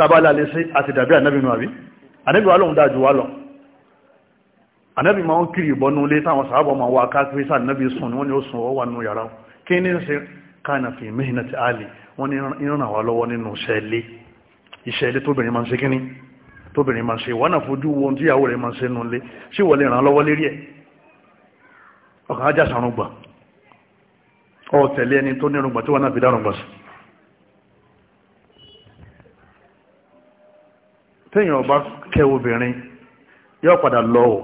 tàbálà lè sí àti dàbí ànábì nù àbí ànábì wà lóhun dájú wá lọ ànábì máa ń kiri ìbọnú ilé táwọn sàábọ̀ máa wá káàkiri sáà ànábì sùn wọ́n ni ó sùn ó wà nù yàrá kí ní ṣe kánà fi mẹ́hìnà ti àlè wọ́n ní ìrànà wá lọ́wọ́ nínú iṣẹ́ ilé tóbìnrin máa ń ṣe kíní tóbìnrin máa ń ṣe wọ́n náà fojú wo téèyàn ọba kẹ́ obìnrin yóò padà lọ ọ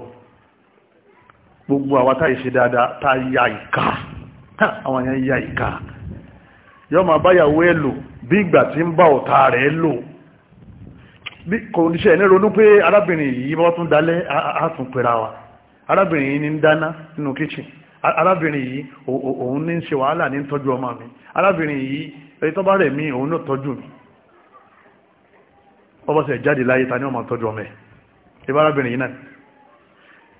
gbogbo àwa tá ìṣe dáadáa tá ya ìka àwọn yẹn ya ìka yóò máa báyàwó ẹ lò bí ìgbà tí ń bá ọ̀tá rẹ̀ lò bí kò níṣẹ́ ní pé arábìnrin yìí bọ́ tún dalẹ̀ tún pera wa arábìnrin yìí ní dáná nínú arábìnrin yìí òun ní ń ṣe wàhálà ní tọ́jú mi arábìnrin yìí bá rẹ̀ mi ọbọ̀sẹ̀ jáde láyé ta ní ọmọ tọ́jú ọmọ ẹ̀ ìbárabìnrin yìí náà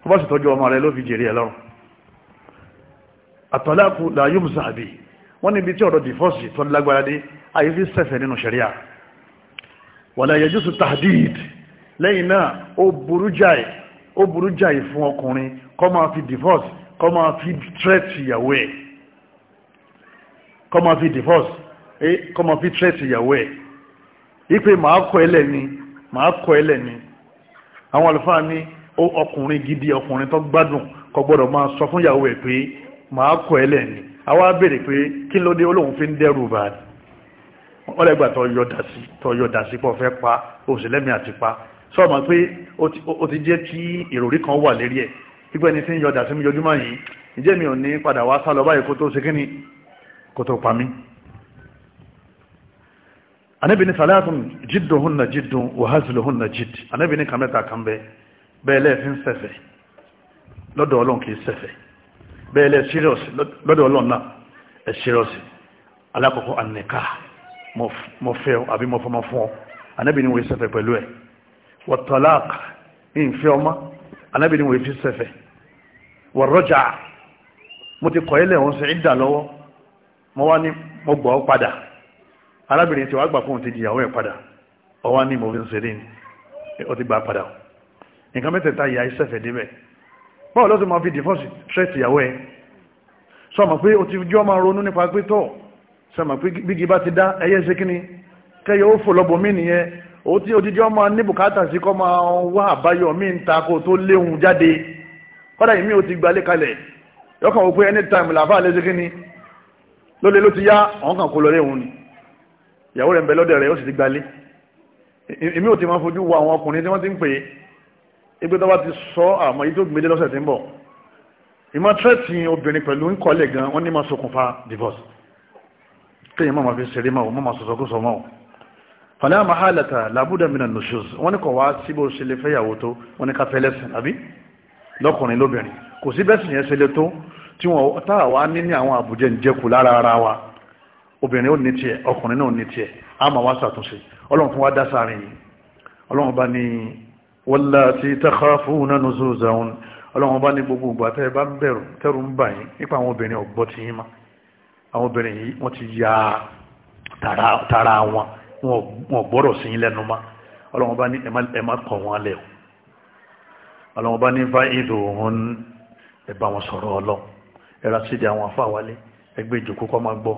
ọbọ̀sẹ̀ tọ́jú ọmọ rẹ̀ ló fi jèrè ẹ̀ lọ́rùn àtọ́láàkù láyé mùsàbí wọ́n níbi tí ọ̀rọ̀ dìfọ́sì tó tahdid lẹ́yìn náà ó burú jáì ó burú jáì fún ọkùnrin divorce kọ́ máa fi threat ìyàwó ẹ̀ divorce eh, kọ́ máa fi threat ìyàwó ẹ̀ ipe màá kọ ẹlẹ ni màá kọ ẹlẹ ni àwọn àlùfáà ní ọkùnrin gidi ọkùnrin tó gbádùn kò gbọ́dọ̀ máa sọ fún ìyàwó ẹ pé màá kọ ẹlẹ ni àwa béèrè pé kí ló dé olóhùn fi ń dẹ́rù bá a ọlẹgbà tó yọ dàsí tó yọ dàsí pọ̀ fẹ́ pa òsèlẹmì àti pa sọ ma pé o ti jẹ́ kí ìròrí kan wà lérí ẹ pípẹ́ ni tí ń yọ dàsí mi yọjúmọ́ yìí ìjẹ́ mi ò ní padà wá sálọ báyìí kó tó ṣe kíni kó tó pa mí anabi ni salatun jiddun hunna jiddun wa hazlu hunna jidd anabi ni kamẹta kan bẹ bẹ́ẹ̀ lẹ́ẹ̀fin sẹ́fẹ̀ lọ́dọ̀ ọlọ́run kìí sẹ́fẹ̀ bẹ́ẹ̀ lẹ́ẹ̀ serious lọ́dọ̀ ọlọ́run náà ẹ̀ serious alákọ̀ọ́kọ́ anìká mọ fẹ́ ọ àbí mọ fọmọ fún ọ anabi ni wọ́n sẹ́fẹ̀ pẹ̀lú ẹ̀ wa talaq ìfẹ́ fi sẹ́fẹ̀ wa mo ti kọ́ ilẹ̀ wọn sí ìdà mo wá mo gbọ́ padà arábìnrin tí wàá gbà fóun ti jìyàwó ẹ̀ padà ọwá ní mo fi ń ṣeré ni ó ti gbà padà nǹkan mẹ́tẹ̀ẹ̀ta ìyá ìṣẹ̀fẹ̀ débẹ̀ báwo lọ́sọ̀ máa fi dìfọ́sì ṣẹ́ẹ̀tì ìyàwó ẹ̀ sọ ma pé o ti jọ́ máa ronú nípa pé tọ́ sọ ma pé bígi bá ti dá ẹyẹ ṣe kíni kẹyẹ ó fò lọ́bọ̀ mí nìyẹn o ti o ti jọ́ máa ní bùkátà sí kọ́ máa wá àbáyọ mí ta kó tó léhun jáde kọ́dà yìí mi ò ti gbalé kalẹ̀ yọkàn wò pé anytime làbá àlẹ́ ṣe kíni lólè ló ti yá àwọn kan kó lọ léhun ni ìyàwó rẹ̀ ń bẹ lọ́dẹ̀ rẹ̀ ó sì ti gbalé èmi ò ti máa fojú wo àwọn ọkùnrin tí wọ́n ti ń pè é pé tọ́wọ́ ti sọ àmọ́ yìí tó gbélé lọ́sẹ̀ tí ń bọ̀ ìmọ̀ tírẹ́tì obìnrin pẹ̀lú ń kọ́lẹ̀ gan wọ́n ní máa ṣokùnfà divorce kéèyàn máa fi ṣeré máa wọ́n máa sọ̀sọ́ kó sọ máa fàlẹ́ àmà hálàtà làbúdà mìíràn nùṣùs wọ́n ní kọ̀ wá sí bó ṣe lè fẹ́yàwó tó wọ́n ní ká fẹ́ lẹ́sìn àbí lọ́kùnrin lóbìnrin kò obìnrin ó ní tiẹ̀ ọkùnrin náà ní tiẹ̀ a máa wá ṣàtúnṣe ọlọ́run fún wa dá sáàrin yìí ọlọ́run bá ní wallati takhafuna nuzuzahun ọlọ́run bá ní gbogbo ìgbà tẹ́ ẹ bá ń bẹ̀rù tẹ́rù ń bà yín nípa àwọn obìnrin ọ̀gbọ́ ti yín má àwọn obìnrin yìí wọ́n ti ya tara wọn wọn gbọ́dọ̀ sí yín lẹ́nu má ọlọ́run bá ní ẹ má kọ̀ wọn lẹ̀ ọlọ́run bá ní fa ìdòhun ẹ bá wọn sọ̀rọ̀ ọlọ́run ẹ ra sídìí àwọn afáwálé ẹgbẹ́ ìjòkó kọ́ máa gbọ́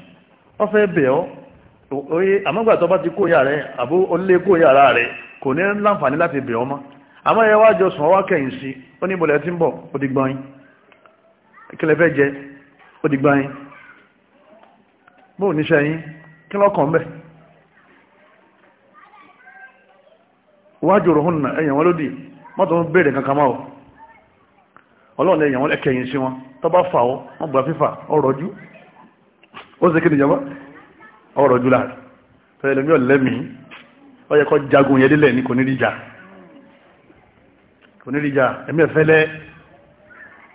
wọ́n fẹ́ bẹ̀ ọ́ oye àmọ́gbà tó bá ti kó yà rẹ̀ àbó olè kó yàrá rẹ̀ kò ní láǹfààní láti bẹ̀ ọ́ mọ́ àmọ́ ẹ wájọ sùn ọwá kẹ̀yìn sí ó ní ìbọ̀lẹ̀ tí ń bọ̀ ó di gbọ́n jẹ ó di gbọ́n bóò níṣẹ́ yín kí lọ́kàn bẹ̀ ẹ̀yàn wọn lódì mọ́tò ń béèrè kankan máa wọn sí wọn bá fà ó sì kéde jama ọ̀rọ̀ jùlá tọ́yẹ lómi ọ̀lẹ́mí ó yẹ kó jagun yẹn délẹ̀ ní kò ní ríjà kò ní ríjà ẹ̀mí ẹ̀fẹ́lẹ́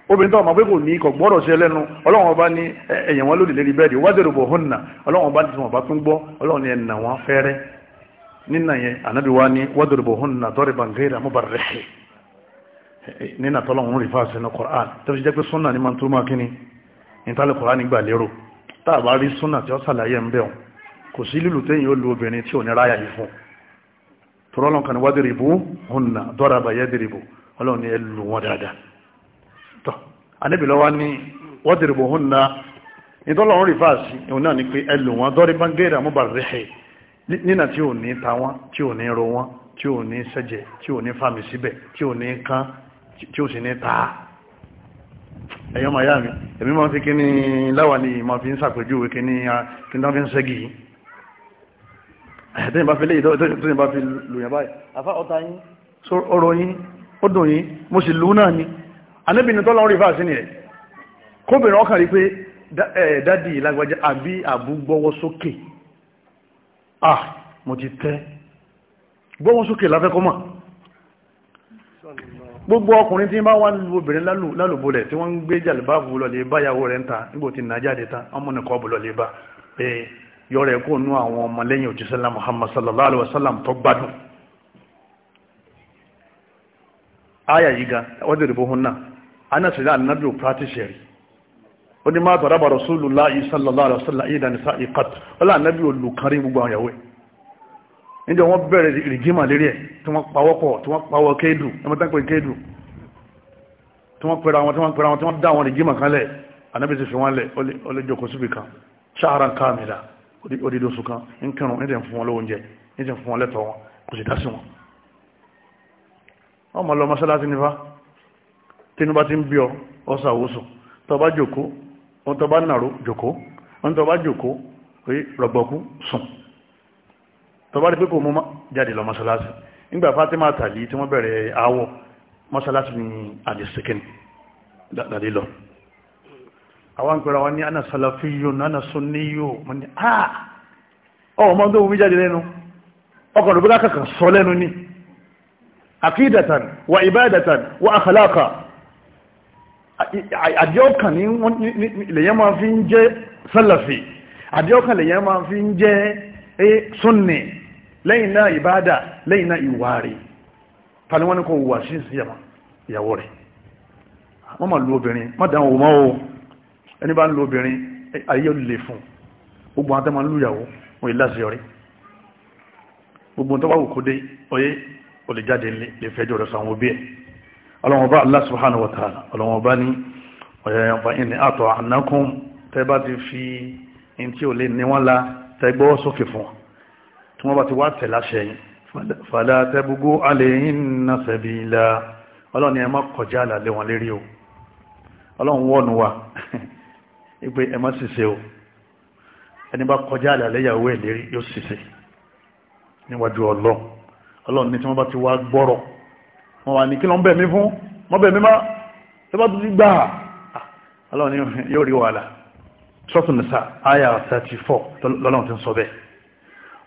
obìnrin tó ọmọ pé kò ní kò gbọ́dọ̀ sí ẹlẹ́nu ọlọ́run ọba ní ẹ̀yìn wọn lónìí lérí bẹ́ẹ̀dì wájú ìròbò hùnà ọlọ́run ọba tí wọn bá tún gbọ́ ọlọ́run ní ẹ̀nà wọn fẹ́rẹ́ nínà yẹn ànábì wa ní wájú ìròbò hùnà tọ́rì bàǹgẹ́rẹ́ àmúbarẹ́sẹ̀ nínà tọ́lọ́run rí fáṣẹ́ ní Qur'an tó fi jẹ́ pé sunna ni máa ń túmọ̀ lérò tá a bá rí súnà tí ó sàlàyé ń bẹ̀rùn kò sí lílù téyìn ó lu obìnrin tí ò ní ráyà yìí fún tọ́lọ́lọ́ kan ní wá dìrìbò hùnà dọ́ra bàyẹ́ dìrìbò ọlọ́run ni ẹ lù wọn dáadáa tọ́ anábì lọ́wọ́ ní wọ́n dìrìbò hùnà ìtọ́lọ́run rí fàásì òun náà ni pé ẹ lù wọn dọ́rí bángẹ́rẹ́ àmúbà rẹ̀ nínà tí ò ní ta wọn tí ò ní ro wọn tí ò ní sẹ́jẹ̀ tí ò ní fàmì síbẹ̀ tí ò ní kán èmi máa fi kíní láwà ní ma fi ń sàpèjúwe kíní kíndán fi ń ṣẹ́gi ẹ̀ẹ́dẹ́yìn bá fi léyìí tóyìn bá fi lòyìn báyìí afá ọta ni anẹ́bìnrin tó lọ́rùn ìfà sí ni ẹ̀ kóbìnrin ọkàn rí pé dádì ìlágbájá àbí àbú sókè ah mo ti tẹ́ gbọ́wọ́ sókè láfẹ́kọ́mọ̀ gbogbo ọkùnrin tí ń bá wà lóbìnrin lálùbọ̀lẹ̀ tí wọ́n ń gbé jàlùbáàbù lọ́lẹ̀ báyàwó rẹ̀ ń ta nígbò tí nàíjáde tán ọmọnìkọ́bù lọ́lẹ̀ bá yọ rẹ̀ kó nú àwọn sallallahu alaihi tó gbádùn yìí wọ́n bóhun náà níjọ wọ́n bẹ̀rẹ̀ rìgímà lérí ẹ̀ tí wọ́n pawọ́pọ̀ tí wọ́n pawọ́ kéèdù ẹmọ́tánpẹ̀ kéèdù tí wọ́n pẹ̀rẹ̀ àwọn tí wọ́n pẹ̀rẹ̀ àwọn tí wọ́n dá àwọn rìgímà kan lẹ̀ anábìsì fi wọ́n lẹ̀ ọlẹ́jọkọ̀ síbì kan ṣáàrà káàmìlà odídóṣù kan ń kírun ní tẹ̀ fún wọn lóúnjẹ ní tẹ̀ fún wọn lẹ́tọ̀ wọn kò tó bá rí pé kò mú jáde lọ mọ́ṣáláṣí nígbà Fatima tàlí tí wọ́n bẹ̀rẹ̀ àwọ̀ mọ́ṣáláṣí ní àdìsíkìn dàdí lọ àwọn pẹ̀rọ wọn ní ana salafiyun ana sunniyu mọ́ ní àà ah! ọmọ tó wù mí jáde lẹ́nu ọkọ̀ ló bí kákàkà sọ lẹ́nu ní akídatan wa ibadatan wa akhalaka, àdíọ́kàn ní lèyàn máa fi ń jẹ́ salafi àdíọ́kàn lèyàn máa fi ń jẹ́ eh, sunni lẹ́yìn náà ìbádà lẹ́yìn náà ìwà rẹ̀ tàbí wọ́n ní kò wà sí ìyàwó rẹ̀ wọ́n ma lo obìnrin má dán òun mọ́ o ẹni bá ń lo obìnrin ayé lè fún gbogbo àwọn tẹ́mọ̀ ń lú ìyàwó wọ́n ilá sí ọrí gbogbo tó bá wù kó dé ọyé o lè jáde lè fẹ́jọ́ rẹ̀ sọ àwọn òbí ẹ̀ tí wọ́n bá ti wá tẹ̀ láṣẹ yìí fàlá tẹ́bùgbó aléyìn náà sẹ̀bí ilá ọlọ́run ni ẹ má kọjá àlàlé wọn lérí o ọlọ́run wọ́nu wa ipé ẹ má ṣìṣe o ẹni bá kọjá àlàlé yàwó ẹ̀ lérí yóò ṣìṣe níwájú ọlọ́run ọlọ́run ni tí wọ́n bá ti wá gbọ́rọ̀ wọn wà ní kí ló ń bẹ̀ mí fún mọ́ bẹ̀ 34 lọ́lọ́run ti ń sọ bẹ́ẹ̀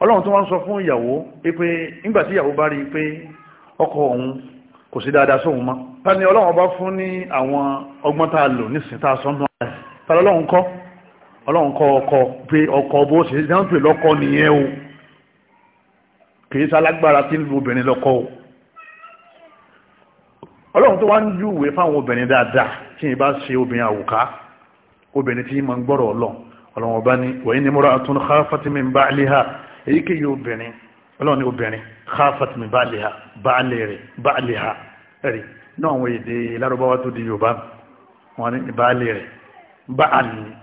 ọlọ́run tó wá ń sọ fún ìyàwó pé nígbàtí ìyàwó bá rí pé ọkọ òun kò sí dáadáa sóhun mọ́ ta ni ọlọ́run bá fún ní àwọn ọgbọ́n tá a lò nísìnyí tá a sọ nù àyè ta lọ́lọ́run kọ́ ọlọ́run kọ́ ọkọ pé ọkọ bó ṣe dáhùn pé lọ́kọ nìyẹn o kì í sálágbára tí obìnrin lọ́kọ o ọlọ́run tó wá ń fáwọn obìnrin dáadáa tí ì bá ṣe obìnrin àwùká obìnrin tí ì máa ń gbọ́rọ̀ ọlọ́run ọlọ́run ọba ní wẹ̀yìn ni múra àtúnkà fatima ń bá àlè ha èyíkéyìí obìnrin ọlọ́run obere obìnrin khafat mi baaliha baale rẹ̀ baaliha ẹ̀rí náà di yoba wọn ní baali baali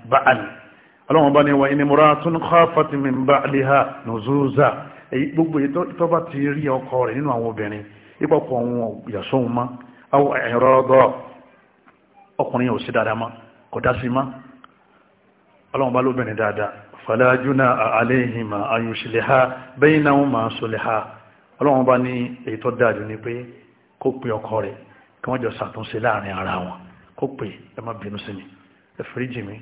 ọlọ́run wa ní muratun khafat mi baaliha nuzuza gbogbo èyí tó ti rí ọkọ rẹ̀ nínú àwọn obìnrin ìpọ̀kọ̀ wọn yàsóhun mọ́ àwọn fala junaha alayhima an yusliha baynahuma sulha ọlọ́run bá ní èyí tó dájú ní pé kó pe ọkọ rẹ̀ kí wọ́n jọ ṣàtúnṣe láàrin ara wọn kó pe ẹ má bínú sí mi ẹ fìrí jì mí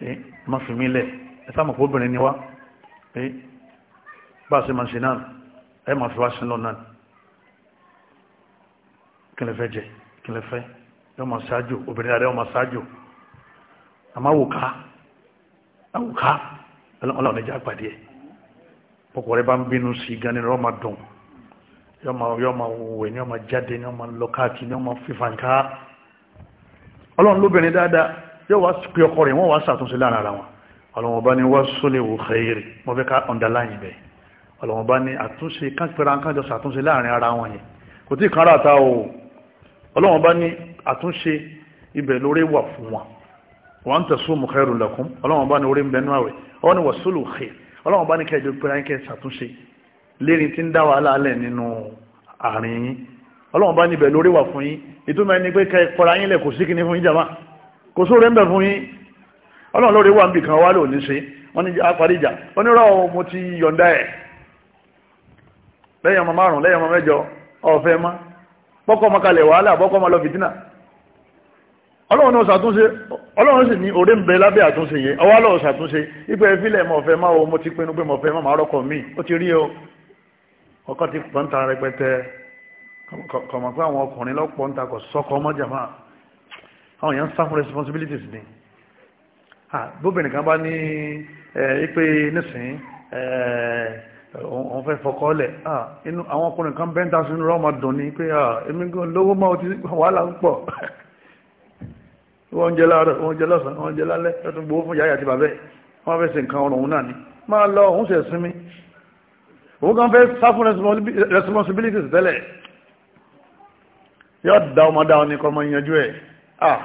ẹ má fi mí lẹ̀ ẹ sáà obìnrin ni wá bá a ṣe máa ṣe náà ẹ má fi wá sí lọ́nà kí lè jẹ kí lè ẹ àwùká ọlọ́run ẹja pàdé ẹ̀ pọ̀pọ̀ rẹ bá ń bínú sí gan ni rọ́ máa dùn yọ́ máa yọ́ máa wẹ̀ ni yọ́ máa jáde ni yọ́ máa lọ káàkiri ni yọ́ máa fífa nǹkan ọlọ́run lóbìnrin dáadáa yóò wá pé ọkọ rẹ̀ wọ́n wá ṣàtúnṣe láàrin ara wọn ọlọ́run ọba ni wọ́n sólè wò xeyìrì wọ́n fẹ́ ká ọ̀ndàláyìn bẹ́ẹ̀ ọlọ́run ọba ni àtúnṣe kápẹ́ra kájọ ṣàtúnṣe láàrin ara wọn yẹn kò tí ì kan ráta o ọlọ́run ọba ni àtúnṣe ibẹ̀ lórí wà fún wọn wà ń tẹ̀sùn mu khairun lakum ọlọ́wọ́n bá ní orí ń bẹ nínú àwẹ̀ ọwọ́ ni wàsúlù xe ọlọ́wọ́n bá ní kẹjọ pẹ̀lú ayé kẹ ṣàtúnṣe lérí tí ń dá wàhálà alẹ̀ nínú àárín yín ọlọ́wọ́n bá níbẹ̀ lórí wà fún yín ìtumọ̀ ẹni pé kẹ kọra yín lẹ̀ kò sí kíní fún yín jàmá kò sóore ń bẹ fún yín ọlọ́wọ́n lórí wà ń bì kan wá ọlọ́run náà ṣàtúnṣe ọlọ́run sì ní orí ń bẹ lábẹ́ àtúnṣe yẹ ọwá lọ́wọ́ ṣàtúnṣe ipò ẹ̀fílẹ̀ mọ̀fẹ́ máa wo mo ti pinnu pé mọ̀fẹ́ máa rọ́kọ̀ mí ó ti rí o ọkọ̀ ti pọ̀ ń ta rẹpẹtẹ kọ̀mọ̀ pé àwọn ọkùnrin lọ́pọ̀ ń ta kọ̀ sọ́kọ̀ ọmọ jàmá àwọn èèyàn ń responsibilities ni bóbìnrin kan bá ní ipe nísìn òun fẹ́ fọkọ́ lẹ̀ àwọn ọkùnrin kan bẹ́ńtà sínú rọ́ọ̀mà dùn ní pé èmi lówó máa ti wàhálà ń pọ̀ wọ́n jẹ́ láàárọ̀ wọ́n jẹ́ lọ́sàn wọ́n jẹ́ lálẹ́ ẹ̀tún gbogbo fún yáyà àti bàbẹ́ wọ́n fẹ́ sí ni máa lọ òun ṣe sinmi kan fẹ́ sá responsibilities tẹ́lẹ̀ yọ́ da ọmọ dáwọn ní kọmọ yanjú ẹ̀ ah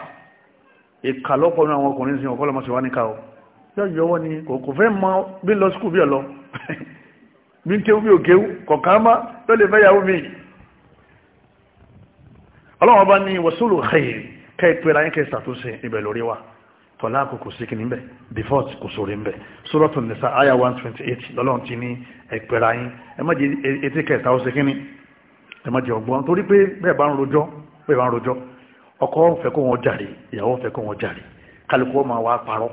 ìkà lọ́pọ̀ ní àwọn ọkùnrin sin ọ̀kọ́lọmọ sí wá ní káwọ́ yọ́ yọwọ́ ni kò fẹ́ mọ bí lọ skul bí ọ̀lọ́ bí ń kéwú bí òkéwú kọ̀ọ̀kan má ló lè fẹ́ yàwó mi ọlọ́wọ́n bá ní wàsúlù kẹ́ ẹ pé ra yín kẹ́ ẹ ṣàtúnṣe ibẹ̀ lórí wa tọ́lá àkókò sí kìíní bẹ̀ divorce kò sórí ń bẹ̀ sórọ́tò nìsa aya one twenty eight lọ́lọ́run ti ní ẹ pé ra yín ẹ má jẹ́ etí kẹta ó ṣe kìíní ẹ má jẹ́ ọgbọ́n torí pé bẹ́ẹ̀ bá ń rojọ́ bẹ́ẹ̀ bá ń rojọ́ ọkọ fẹ́ kó wọn jàre ìyàwó fẹ́ kó wọn jàre kálukú ọmọ wa parọ́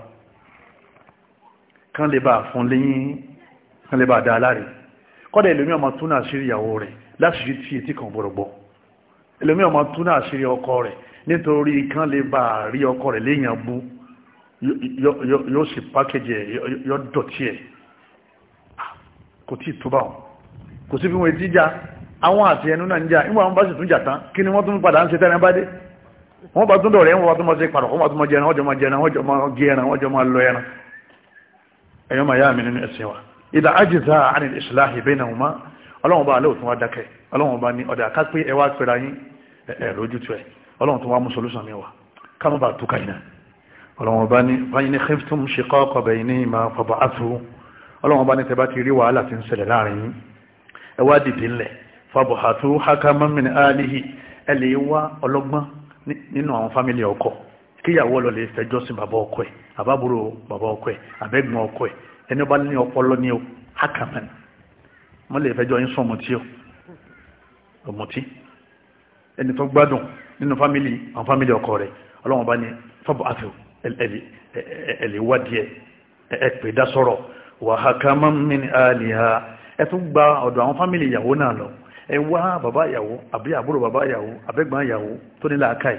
kán lè bá fún léyìn kán lè bá dá nítorí kan lè bá a rí ọkọ rẹ̀ léèyàn bú yóò sì pákéjì ẹ̀ yóò dọ̀tí ẹ̀ ah, kò tí ì tó bá wọn kò sí fi wọn etí já àwọn àti ẹnu náà ń já nígbà wọn bá sì tún jà tán kí ni wọ́n tún padà ń ṣe tẹ́lẹ̀ bá dé wọ́n bá tún dọ̀rẹ́ wọn bá tún máa ṣe padà wọ́n bá tún máa jẹ ẹran wọ́n jọ máa jẹ ẹran wọ́n jọ máa gé ẹran wọ́n jọ máa lọ ẹran ẹ̀yọ́ yá mi nínú ẹ̀sìn wa ìdá àni ọlọ́run bá alẹ́ òtún wa dákẹ́ ọlọ́run ọlọ́run tó wá mú solúsàn mi wá kánú bá tó káyìnà ọlọ́run bá ní báyìí ní khiftum shiqaqa baynihima fab'athu ọlọ́run bá ní tẹ́ bá ti rí wàhálà ti ń ṣẹlẹ̀ láàrin yín ẹ wá dìde ńlẹ̀ fab'athu hakaman min ahlihi ẹ lè wá ọlọ́gbọ́n nínú àwọn fámìlì ọkọ kíyàwó lọ lè fẹjọ́ sí bàbá ọkọ ẹ̀ àbábúrò bàbá ọkọ ẹ̀ àbẹ́gbọ́n ọkọ ẹ̀ ẹni bá ní ọpọlọ ní hakaman wọ́n lè fẹjọ́ yín sún ọmọtí o ẹni tó gbádùn nínú fámílì àwọn fámílì ọkọ rẹ̀ ọlọ́wọ́n bá ní fọ́bọ̀ àfẹ́ ẹ̀lẹ́wádìí ẹ̀ pè dá sọ̀rọ̀ wàhákàmá min àlìhà ẹ tún gba ọ̀dọ̀ àwọn fámílì ìyàwó náà lọ ẹ wá bàbá ìyàwó àbí àbúrò bàbá ìyàwó àbẹ́gbọ́n ìyàwó tó ní làákàì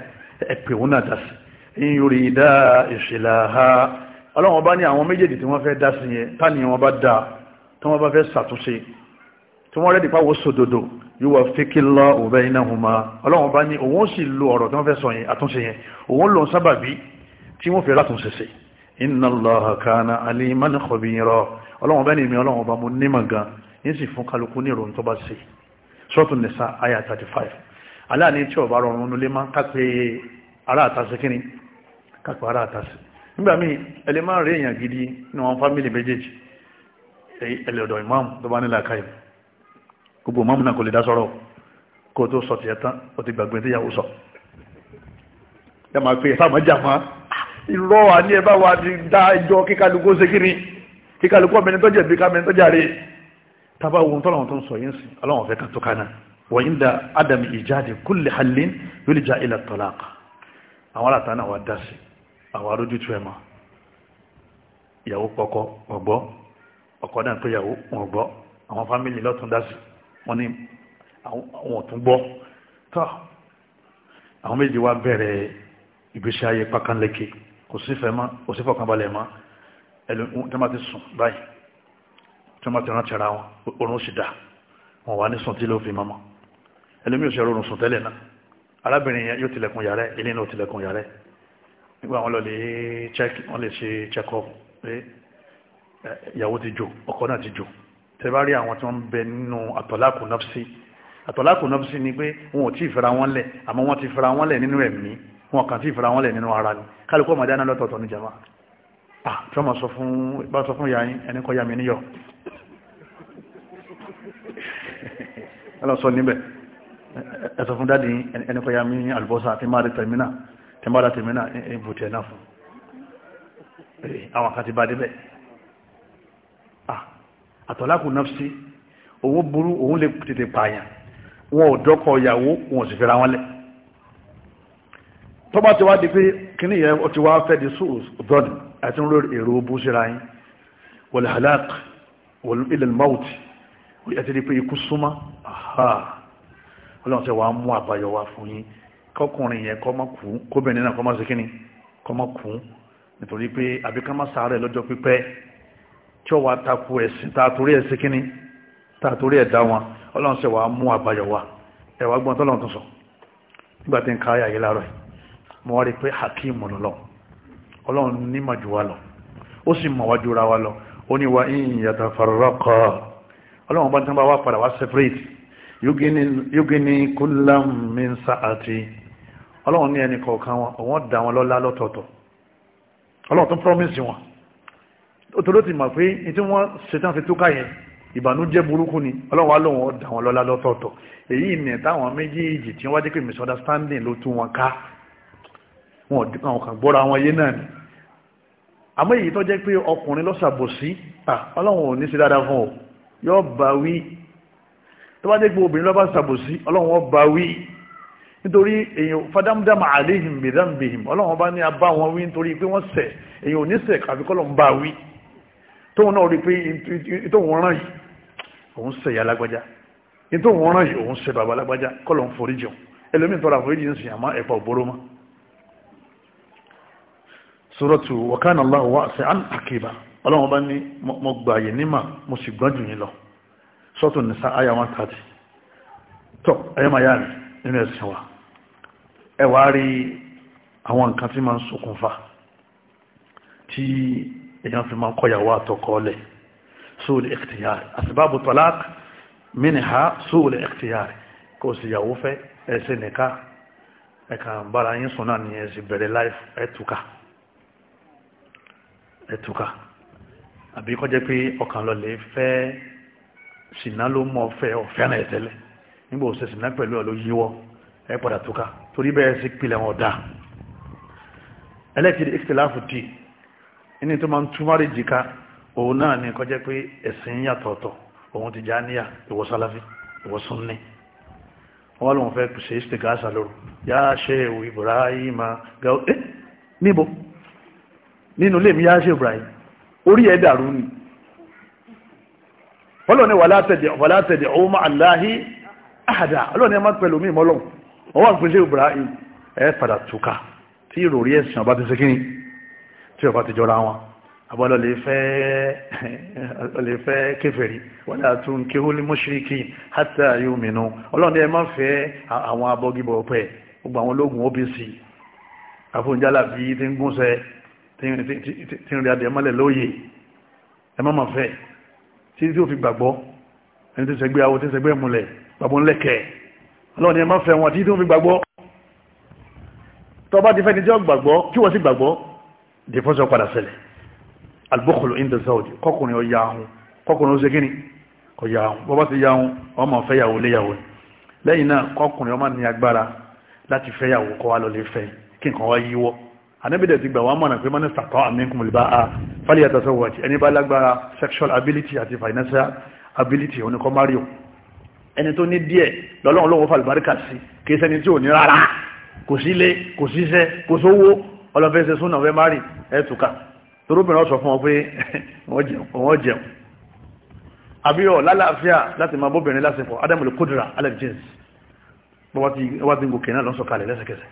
ẹ pè wọn náà dá sí i ń yorí dá ìṣìlá ha ọlọ́wọ́n bá ní àwọn méjèèjì tí wọ́n fẹ́ dá yẹn táni yuwaffiqillahu baynahuma ọlọ́run bá ní òun sì lo ọ̀rọ̀ tí wọ́n fẹ́ sọ yẹn àtúnṣe yẹn òun lòun sábàbí tí wọ́n fẹ́ látúnṣe sí inna allaha kana aliman khabira ọlọ́run bá ní ìmì ọlọ́run bá mú ní màgá yín sì fún kálukú ní ìròyìn tó bá ṣe sọ́tún nìsa aya 35 aláàní tí ọba rọrùn nulé máa kápẹ́ ara gbogbo mọ́mù náà kò lè dá sọ́rọ̀ kó tó sọ tiẹ̀ tán ó ti gbàgbé tíyàwó sọ ẹ máa pe ìfàmọ́ jàmá irọ́ wa ní ẹ bá wa ti dá ẹjọ́ kíkálukú ṣe kiri kíkálukú ọmọ ẹni tó jẹ̀bi ká mẹni tó jàre tábà ohun tó làwọn tó ń sọ yín sí aláwọn fẹ́ kàn tó wọ́n yín da adam ìjáde kúlẹ̀ halin yóò já ilẹ̀ tọ́láàkà àwọn alátaná wa dá sí àwọn arójútu ẹ̀ máa ìyàwó pọkọ ọ̀gbọ́ ọkọ náà tó yàwó ọ̀gbọ́ àwọn fámìlì lọ́tún dá wọ́n ní àwọn ọ̀tún gbọ́ tọ́ àwọn méjì wá bẹ̀rẹ̀ ìgbésí ayé pákánlẹ́kẹ́ kò sífẹ́ mọ́ kò sífẹ́ ọ̀kanbalẹ̀ mọ́ ẹlòmí tó máa ti sùn báyìí tó máa ti rántí ara wọn oorun sì dá wọn wà ní sùn tí ló fi mọ́mọ́ ẹlòmí ò sì rọrùn sùn tẹ́lẹ̀ náà arábìnrin yẹn yóò tilẹ̀kùn yàrá ilé náà tilẹ̀kùn yàrá nígbà wọn lọ check wọn lè ṣe check up pé ìyàwó ti jò ọkọ náà ti jò tẹ̀bárí àwọn tí wọ́n ń bẹ nínú àtọ̀lákù nọ́fsí àtọ̀lákù nọ́fsí ni pé wọn ò tí ì fẹ́ra wọn lẹ̀ àmọ́ wọ́n ti fẹ́ra wọn lẹ̀ nínú ẹ̀mí wọn kàn tí ì fẹ́ra wọn lẹ̀ nínú ara ni kálukú ọmọdé aná lọ́tọ̀ọ̀tọ̀ ní jama ah tí wọ́n sọ fún bá sọ fún yayin ẹni kọ́ ya mi níyọ̀ ẹ lọ sọ níbẹ̀ ẹ sọ fún dáàdi ẹni kọ́ ya mi àlùbọ́sà tí máa rí tẹ̀mínà tẹ̀mínà ìbùtẹ̀ náà fún àwọn kan ti bá débẹ̀ àtọ̀lákù nafsi òun burú òun lè tètè pààyàn wọn ò dọ́kọ̀ ìyàwó wọn sì fẹ́ra wọn lẹ̀ tọ́bá ti wá di pé kíní yẹn ó ti wá fẹ́ di sóòdọ́nì àti ń lórí èrò bú síra yín wọlé halak wọlé ilẹ̀ mọ́ọ̀tì ó yẹ ti di pé ikú súnmọ́ ọlọ́run ṣe wàá mú àbáyọ wá fún yín kọkùnrin yẹn kọ́ máa kú kóbìnrin náà kọ́ máa ṣe kíní kọ́ máa kú nítorí pé àbíká máa lọ́jọ́ pípẹ́ tí ó wà takò ẹ̀sìn tààtòrí ẹ̀sìn kíní tààtòrí ẹ̀dá wọn ọlọ́run ṣe wà mú àbáyọ wa ẹ̀wà gbọ́n tọ́lọ́run tó sọ nígbà tí ń ka ayà yìí láàárọ̀ mo wá rí pé hakim lọ́lọ́ ọlọ́run nímọ̀ jù wa lọ ó sì mọ̀ wájú ra wa lọ ó ní wa in yatafarraqa ọlọ́run bá ń tán wá padà wá separate yugini kullam min sa'ati ọlọ́run ní ẹnì kọ̀ọ̀kan wọn òun tòró ti mọ̀ pé ní wọ́n ṣetán fi túká yẹn ìbànújẹ́ burúkú ni ọlọ́run wa lòun ọ̀dà wọn lọ́la lọ́tọ̀ọ̀tọ̀ èyí ni táwọn méjèèjì tí wọ́n wá jẹ́ pé misunderstanding ló tún wọn ká wọn kàn gbọ́ra wọn yé náà ni àmọ́ èyí tó jẹ́ pé ọkùnrin lọ́sàbòsí ọlọ́run ò ní sí dáadáa fún ọ yóò bá wí tó bá jẹ́ pé obìnrin lọ́ba sàbòsí ọlọ́run ó bá wí nítorí èyàn fadámdámà àléhìn bìdánbìhìn ọlọ́run bá ní abá wí nítorí pé wọ́n ṣẹ̀ èyàn ò ní ṣẹ̀ àfikọ́lọ́ ń bá wí tóun náà rí pé ìtòun rán yìí òun ṣe ìyá lágbájá ìtòun rán yìí òun ṣe bàbá lágbájá kọ́ ló ń forí jẹun ẹlòmíì tọ́ra forí jẹun sìn àmọ́ ẹ̀pà òbóró mọ́. suratu wa kana Allahu wasi'an hakima ọlọ́run bá ní mo gbà yìí nímà mo sì gbọ́n jù yín lọ suratu nisa aya one thirty tọ́ ẹ̀yẹ́ máa yá mi nínú ẹ̀sìn wa ẹ̀ wá rí àwọn nǹkan tí máa ń ṣokùnfà tí èyàn fi máa kọyàwó àtọkọọlẹ̀ sóòlì ẹ̀kìtìyàrí àsìbábù tọ́lák mínìhá sóòlì ẹ̀kìtìyàrí kò sì yàwó fẹ́ ẹ̀sẹ̀ nìka ẹ̀ka bára yín sùn náà nìyẹn sì bẹ̀rẹ̀ láìf ẹ̀tùkà ẹ̀tùkà àbí kọ́ jẹ́ pé ọkàn lọ́lẹ̀ fẹ́ sìnà ló mọ̀ fẹ́ ọ̀fẹ́ràn ẹ̀tẹ́lẹ̀ nígbà òṣèṣ sìnà pẹ̀lú ọ̀ yíwọ́ ẹ̀ padà túkà torí bẹ́ẹ̀ sì pilẹ̀ wọn dà ẹlẹ́kìrì ìkìtìláfù tíì ní tó máa ń túmárì jìká òun náà ni kọjá pé ẹ̀sìn yàtọ̀ọ̀tọ̀ òun ti já níyà ìwọ sálàfí ìwọ súnni wọ́n lóun fẹ́ pèsè ìsìtìgáàsà lóru yá ṣe ìwò Ibrahim gẹ́ọ́ ẹ́ eh, níbo nínú lèmi yá ṣe Ibrahim orí ẹ̀ dàrú ni ọlọ́ni wàlá tẹ̀dẹ̀ ọmọ aláhí àdá ọlọ́ni ẹ má pẹ̀lú mí mọ́lọ́n ọwọ́n pèsè Ibrahim ẹ padà túká tí ìròrí ẹ̀sìn ọba ti ṣe kíni tí ọba ti jọra wọn abọ́lọ́ lè fẹ́ kéfèrí wala tunkihul mushrikin hatta yu'minu ọlọ́run ẹ má fẹ́ àwọn abọ́gibọ̀ pẹ̀ gbogbo àwọn ológun obc àfúnjálà bí ti ń gúnṣẹ́ tí ń rí adìẹ mọ́lẹ̀ lóye ẹ má máa fẹ́ tí tí ó fi gbàgbọ́ ẹni tí ń ṣẹgbẹ́ awo tí ń ṣẹgbẹ́ múlẹ̀ gbàgbọ́ ńlẹ̀kẹ̀ ọlọ́run ẹ má fẹ́ wọn tí tí ó fi gbàgbọ́ dìfọ́sọ̀ padà sẹlẹ̀ albókòlò inda saudi kọkùnrin ọya ahun kọkùnrin ó ṣe gíní ọya ahun bọ́bá ti ya ahun wọ́n máa fẹ́yàwó léyàwó ni lẹ́yìn náà kọkùnrin ọmọ ní agbára láti fẹ́yàwó kọ́ wá lọlé fẹ́ kí nǹkan wá yíwọ́ anábìdẹ̀ ti gbà wọ́n mọ̀nà pé mọ́nà sàtọ́ àmínkùn lè bá a fáliyà tó sọ̀wọ́ àti ẹni bá lágbára sexual ability àti financial ability ọlọ́fẹ́ ṣe súnà fẹ́ márì ẹ̀tùkà torúbìnrin ọ̀sọ̀ fún ọ pé wọ́n jẹun àbíọ̀ lálàáfíà láti máa bóbìnrin lásìkò adamul kudra alexis wọ́n ti ń gòkè náà lọ́sọ̀ kalẹ̀ lẹ́sẹ̀kẹsẹ̀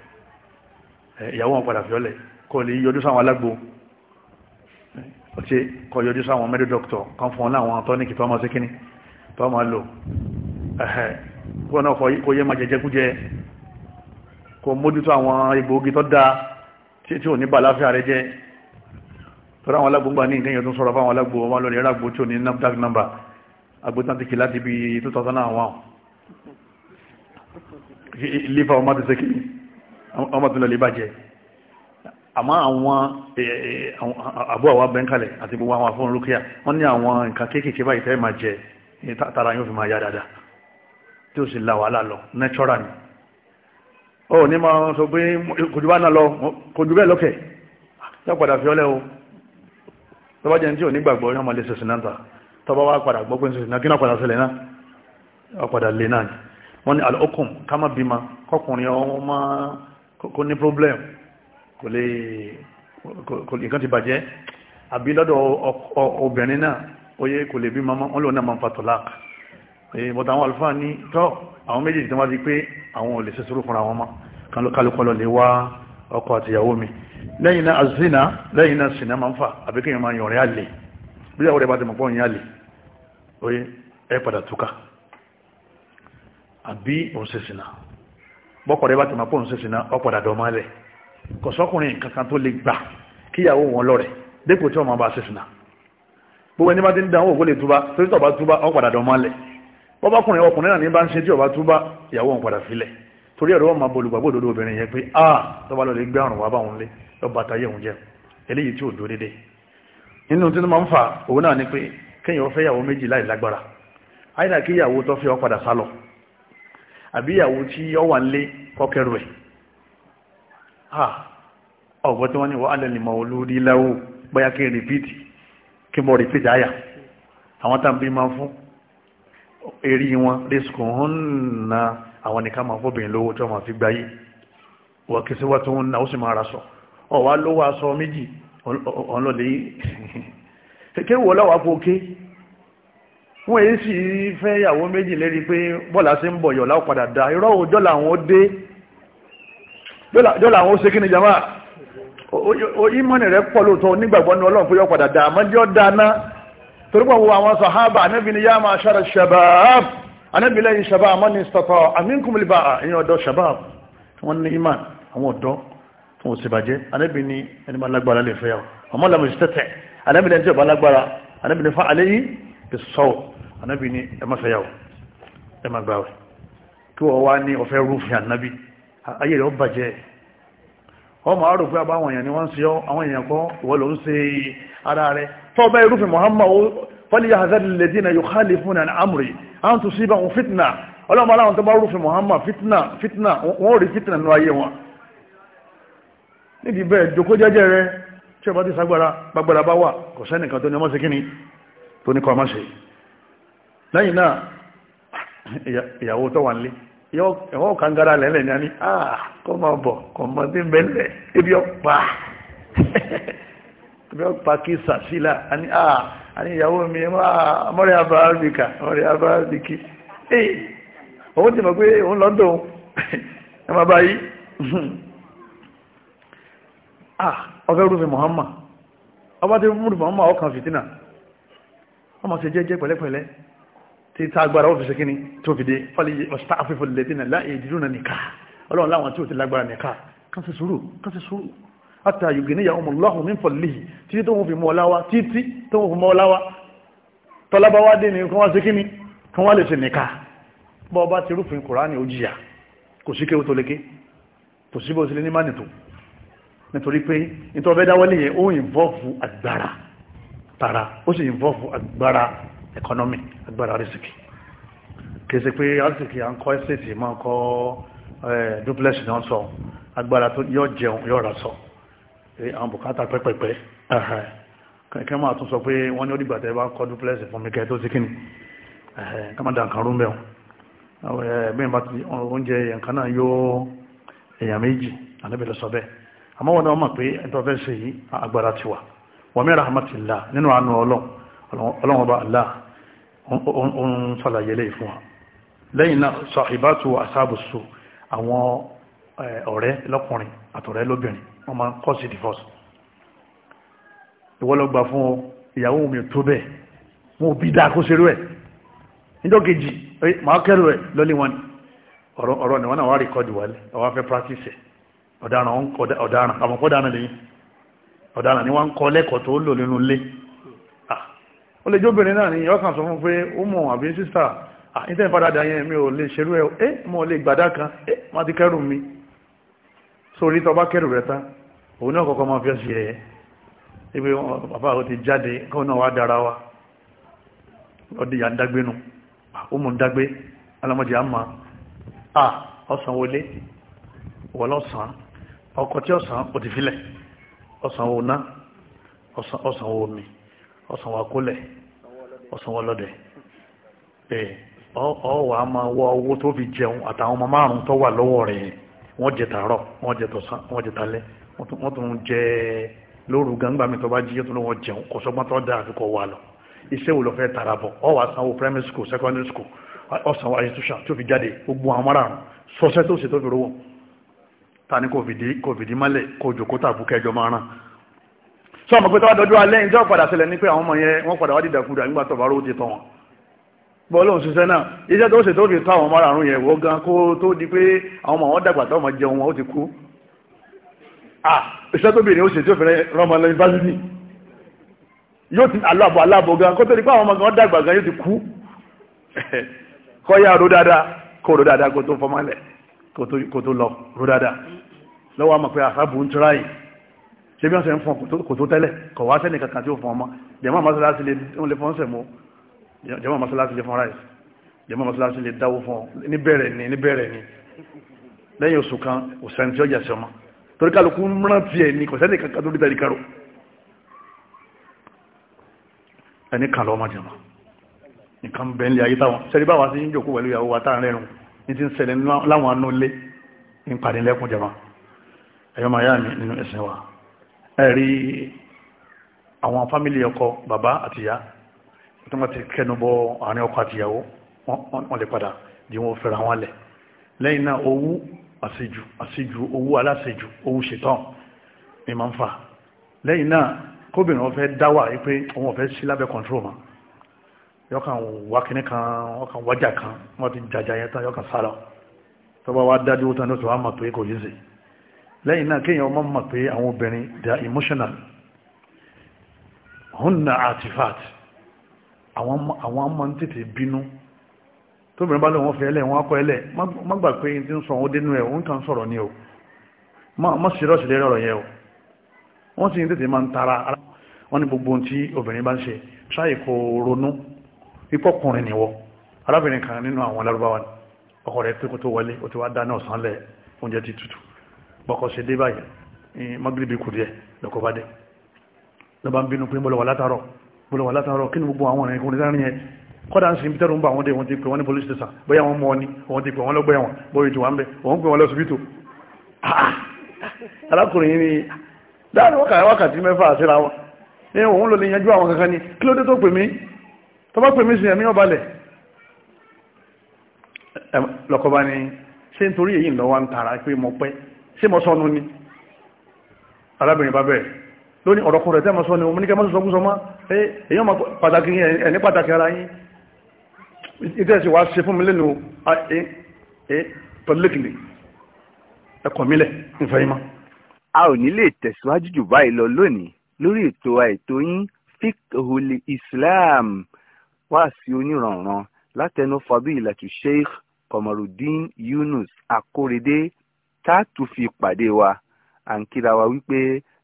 ìyàwó wọn padà fiọ́lẹ̀ kò lè yọjú sáwọn alágbó ọ̀tí kọ yọjú sáwọn mẹ́rin dọ́kítọ̀ kan fún láwọn tọ́níkì tọ́mọ sí kíní tọ́mọ lò kó náà kó yé máa jẹjẹkújẹ kó mójútó àwọn egbòogi tó dáa tí tí ò ní bà láfíà rẹ jẹ́ tọ́rọ àwọn alágbó gbà ní ìkẹyìn ọdún sọ́rọ̀ fáwọn alágbó wọn lórí ẹ̀rágbó tí ò ní NAFDAC number agbótántìkì láti bí 2001 lífà ọmọ ti sẹ́kì ọmọ tó lọ lè bàjẹ́ àmọ́ àwọn àbú àwọn abẹ́ńkalẹ̀ àti gbogbo àwọn afọ́n rúkìá wọ́n ní àwọn nǹkan kéékèèké báyìí tẹ́ máa jẹ tara yóò fi máa ni ó ní máa sọ pé kòjú bá náà lọ kòjú bẹ́ẹ̀ lọ́kẹ̀ yóò padà fi ọlẹ́ o tó bá jẹ́ tí ò ní gbàgbọ́ yóò máa lè sẹ̀sìn náà ta tó bá wá padà gbọ́ pé sẹ̀sìn náà kí náà padà sẹlẹ̀ náà wá padà lè náà wọ́n ní alọ́kùn ká má bímọ kọkùnrin ọmọ máa kó ní problem kò lè nǹkan ti bàjẹ́ àbí lọ́dọ̀ obìnrin náà ó yẹ kò lè bí mama wọn lòun náà máa ń fa tọ́lá àwọn méjèèjì tó wá di pé àwọn ò lè ṣẹṣúrú fúnra wọn mọ́ kan ló lọ lè wá ọkọ àtìyàwó mi lẹ́yìn náà azina lẹ́yìn náà sinna máa ń fà àbí kéèyàn máa yọ̀rẹ́ àlè bí àwọn ọ̀rẹ́ bá ti mọ̀ pọ́ yín àlè oye ẹ padà túká àbí òun ṣe sinna bọ́kọ̀ rẹ bá ti mọ̀ pọ́ òun ṣe sinna ọ padà dọ̀ bọ́bákùnrin ọkùnrin náà ní bá ń ṣe tí ọba túbá ìyàwó wọn padà filẹ̀ torí ẹ̀rọ wọn máa bolùgbàgbọ́ òdodo obìnrin yẹn pé a lọ́ba lọ́ọ́ lè gbé àrùn wá báwọn lé lọ́ba àtàyè òun jẹ́ eléyìí tí ò dúró dédé nínú tí wọ́n máa ń fa òun náà ni pé kéèyàn fẹ́ ìyàwó méjì láì lágbára àyìnà kí ìyàwó tó fẹ́ ọ padà sá lọ àbí ìyàwó tí ọ wà ń lé kọ́kẹ́rù ẹ̀ ah, ọ̀gbọ́n tí wọ́n ní wọ́n alẹ́ lè mọ eri wọn riskun hun na àwọn nìkan máa fóbìnrin lówó tí wọ́n máa fi gbáyé wọ́n kì sí wọ́n tó ń na ó sì máa ra sọ ọ̀wá lówó aṣọ méjì ọlọ́lẹ̀ kéèké wọ́n lọ́wọ́ apò òkè wọ́n èyí sì fẹ́ ìyàwó méjì lérí pé bọ́ọ̀lá sí ń bọ̀ yọ̀lá padà dá irọ́ ò jọ́là àwọn ó dé jọ́là àwọn ó ṣe kí ni jama ìmọ̀nì rẹ̀ pọ̀ lóòótọ́ onígbàgbọ́nù ọlọ́run pé padà dá àmọ́ dáná torípọ̀ wo àwọn sàhábà anábì ni yá máa ṣára ṣabab anábì lẹ́yìn ṣabab mọ́ ní sọ́tọ̀ àmínkùnmílìbà èyàn ọ̀dọ́ ṣabab wọ́n ní iman àwọn ọ̀dọ́ fún òsèbàjẹ́ anábì ni ẹni máa lágbára lè fẹ́ ọmọ làmì tẹ́tẹ́ anábì lẹ́yìn tí ọba lágbára anábì ni fa aléyìn ti sọ anábì ni ẹ má fẹ́yàwó ẹ má gbáwẹ̀ kí wọ́n wá ní ọ̀fẹ́ rúfin anábì ayé rẹ̀ ó bàjẹ́ ọmọ àrò pé àbáwọn èèyàn tọ́ọ̀bá irúfin Muhammad فليحذر الذين يخالفون عن امري ان تصيبهم فتنه ọlọ́mọ aláwọn tó bá rúfin Muhammad fitna fitna wọ́n rí fitna nínú ayé wọn níbi bẹ́ẹ̀ jòkó jẹ́jẹ́ rẹ tí lẹ́yìn náà ìyàwó tó wà nílé ìyàwó kangara lẹ́lẹ̀ ní a ní àà ah, kọ́ máa bọ̀ kọ́ máa dín bẹ́ẹ̀ ebi ọ̀pá bí wọ́n pa kí sàṣílà àní ah, ìyàwó mi ah, mọ́rẹ́ abárábìkà mọ́rẹ́ abárábìkì èyí òun ti mọ̀ pé òun lọ́dọ̀ òun ẹ máa bá yìí ah ọ̀fẹ́ rúfin Muhammad ọba tí rúfin Muhammad ọkàn fìtínà wọ́n máa ṣe jẹ́jẹ́ pẹ̀lẹ́pẹ̀lẹ́ tí ta agbára ó fi ṣe kíní tó fi dé fọ́lì ọ̀sítà àfífò lẹ́dínà láì ìdílú náà nìka ọlọ́run láwọn tí ó ti lágbára nìka kan ṣe sùúrù kan ṣe sùúrù hátà yògìníyà ọmọláhùn min fadlihi títí tó wọ́n fi mọ́ ọláwá títí tó wọ́n fi mọ́ ọláwá tọ́lábáwá dé ní kí wọ́n ṣe kíní kí wọ́n lè ṣe nìka bọ́ ọba ti rúfin kùránì ó jìyà kò sí kéwú tó lékè kò sí bó sílé ní mánì tó nítorí pé ìtọ́fẹ́ dáwọ́lé yẹn ó ìnvọ́ọ̀fù agbára agbára tó yọ jẹun yọ rà sọ àwọn bùkátà pẹ́pẹ́pẹ́ kẹ́kẹ́ máa tún sọ pé wọ́n ní ó dìgbà tẹ́ bá kọ́ dúpẹ́lẹ́sì fún mi kẹ́ tó sí kíni kàmàdà nǹkan rú mẹ́wọ̀n bẹ́ẹ̀ bá ti oúnjẹ èèyàn kan náà yóò èèyàn méjì ànábẹ̀lẹ̀ sọ bẹ́ẹ̀ àmọ́ wọn náà mọ̀ pé ẹ̀tọ́ fẹ́ ṣe yìí agbára ti wà wọ́n mẹ́ra rahmatillah nínú àánú ọlọ́run ọba Allah òun ṣàlàyé lè fún wa lẹ́yìn náà sọ ìbátú asábùsù àwọn ọ̀rẹ́ lọ́kùnrin àtọ̀rẹ́ lóbìnrin wọ́n máa divorce fún ọ ìyàwó mi tó bẹ́ẹ̀ mo bí dáa kó ṣerú ẹ̀ níjọ́ kejì máa kẹ́rù ẹ̀ lọ́lé wọn ọ̀rọ̀ ni wọ́n náà wá rìkọ́dì fẹ́ practice ọ̀daràn àmọ̀kọ́ dáná lẹ́yìn ọ̀daràn ni wọ́n ń kọ́ lẹ́kọ̀ọ́ tó lò nínú ilé ó lè jóbìnrin náà ni sọ fún pé ó mọ̀ àbí sísà ìtẹ́ dà yẹn mi ò lè ṣerú ẹ̀ lè gbàdá kan má sori tɔba kɛrò rɛta òun náà kɔkɔ ma fiɛ seɛ ebi papa o ti jáde kó náà wà dara wa ɔdi yan dagbe nu ɔmu dagbe alamadi ama a ɔsan wele wɔlɔ san ɔkɔtɛ ɔsan o ti filɛ ɔsan wo na ɔsan wo mi ɔsan wo akolɛ ɔsan wo lɔdɛ ɛ ɔwɔ ama wɔ owó tó fi jɛun àtàwọn ɔmɔ márùn tó wà lɔwɔ wọ́n jẹ tàárọ̀ wọ́n jẹ tọ̀sán wọ́n jẹ talẹ́ wọ́n tún jẹ lóru gangba mi tó bá jíjẹ́ tó ló wọ́n jẹun kò sọ́gbọ́n tó dáa àfikọ́ wà lọ iṣẹ́ wo lọ fẹ́ tara bọ̀ ọ wà sanwó primary school secondary school ọ̀sán wa institution tó fi jáde gbogbo àwọn márààrún sọ́sẹ́ tó ṣe tó fi rówó ta ni covid mọ́lẹ̀ kó jòkó tàbú kẹjọ máa rán sọ ma pé tó wá dọdún alẹ́ ìjọ padà ṣẹlẹ̀ ní pé àwọn ọmọ yẹn wọ́n padà wá dìdàkudà nígbà tó bá rówó ti tọ́ wọn bọ́ọ̀lọ́hùn ṣiṣẹ́ náà iṣẹ́ tó ṣe tó fi tọ́ àwọn ọmọ àrùn yẹn wọ́ gan kó tó di pé àwọn ọmọ àwọn dàgbà tó ọmọ jẹun wọn ó ti kú iṣẹ́ tó bìnrin ó ṣe tí ó fẹ́rẹ́ rọmọ lọ yunifásitì yóò ti aláàbò aláàbò gan kó tó di pé àwọn ọmọ gan dàgbà gan yóò ti kú kọ́ ya ro dáadáa kó ro dáadáa kó tó fọmọlẹ̀ kó tó lọ ro dáadáa lọ́wọ́ àmọ̀ pé àṣàbù ń tura yìí ṣé bí wọ́n ṣe ń fọn kò tó tẹ́lẹ̀ kọ̀ wá sẹ́nì kankan tí ó fọn ọmọ jẹ̀mọ́ àmọ́ jẹmọ́ masalasi lè fún rice jẹmọ́ masalasi lè dáwó fún níbẹ̀rẹ̀ ni níbẹ̀rẹ̀ ni lẹ́yìn oṣù kan òsàn tí ó jẹ́ sọmọ torí kálukú mìíràn tí ẹ̀ ní kò sẹ́ni kankan tó dítà ìkarò ẹni kan lọ́mọ jẹmọ́ nìkan bẹ́ẹ̀ ní ayé táwọn sẹ́ni báwa sí ń jòkó pẹ̀lú ìyàwó wa táà rẹ̀rùn ní ti ń ṣẹlẹ̀ láwọn anú ilé ń parí lẹ́kùn jẹmọ́ ẹ̀yọ́ máa yá mi nínú ẹ̀sìn wa ẹ̀rí àwọn fámìlì ọkọ bàbá àtìyá tó wọ́n ti kẹnu bọ àárín ọkọ àtìyàwó wọ́n lè padà di wọn fẹ́ra wọn lẹ̀ lẹ́yìn náà owó àṣejù àṣejù owó aláṣejù owó ṣetán ni máa ń fà lẹ́yìn náà kóbìnrin wọn fẹ́ dáwà yìí pé òun ò fẹ́ sí lábẹ́ kọ̀ǹtró mọ́ yọkàn wá kíní kan yọkàn wájà kan wọ́n ti jàjà yẹn tán yọkàn sára tọ́ba wa dájú tán ní oṣù wa mọ̀ pé kò yé sè lẹ́yìn náà kéèyàn ọmọ mọ̀ pé àwọn obìnrin they are emotional hunna artifact àwọn ọmọ ń tètè bínú tóbìnrin bá lóun fẹ́ ẹlẹ́ wọn akọ ẹlẹ́ má gbà pé tí ń sọ òun dénú ẹ̀ òun kàn sọ̀rọ̀ ni o má ṣèrọ́ọ̀ṣì lérò ọ̀rọ̀ yẹn o wọ́n sì ń tètè máa ń tara ara wọn ní gbogbo ohun tí obìnrin bá ń ṣe ṣáàyè kò ronú ipọ́kùnrin nìwọ arábìnrin kan nínú àwọn lárúbáwá ni ọkọ rẹ̀ pé kó tó wọlé ó ti wá dáná ọ̀sán lẹ̀ oúnjẹ ti tutù bọ́kọ ṣe dé báyìí magrebi kù díẹ̀ bá dé lọ́ba ń bínú pé mo lọ wà látàárọ̀ gbọ́dọ̀ wà látàárọ̀ kí ni gbogbo àwọn ọ̀rẹ́ ìkùnrin sáárín yẹn kọ́dà ń sin bí tẹ́rù ń bá àwọn dé wọ́n ti pè wọ́n ní police station bóyá wọ́n mọ́ ni wọ́n ti pè wọ́n lọ́gbẹ́ wọn bóyá ìjọba ń bẹ wọ́n pè wọ́n lọ́sibítù alákùnrin yìí ni dáàrin wákàtí mẹ́fà síra wọn ní òun ló lè yanjú àwọn kankan ni kí ló dé tó pè mí tó bá pè mí sí ẹ̀mí ọbalẹ̀ lọ́kọba ni ṣe nítorí èyí lọ́wọ́ ń tààrà pé mo pẹ́ ṣé mo sọnù ni arábìnrin bá bẹ̀rẹ̀ lóní ọ̀rọ̀kọ̀rọ̀ tẹ́ mọ́ sọ ni omi ní kẹ́ mọ́ sọ gúnsọ mọ́ èyàn pàtàkì ẹni pàtàkì ara yín ìtẹ́sì wá ṣe fún mi lẹ́nu pẹ̀lẹ́kìlì ẹkọ̀ mílẹ̀ ìfẹ́yìmá. a ò ní lè tẹ̀síwájú jù báyìí lọ lónìí islam wá sí onírànran látẹnu fadilatu sheikh Komarudin Yunus Akórèdé tá a tún fi pàdé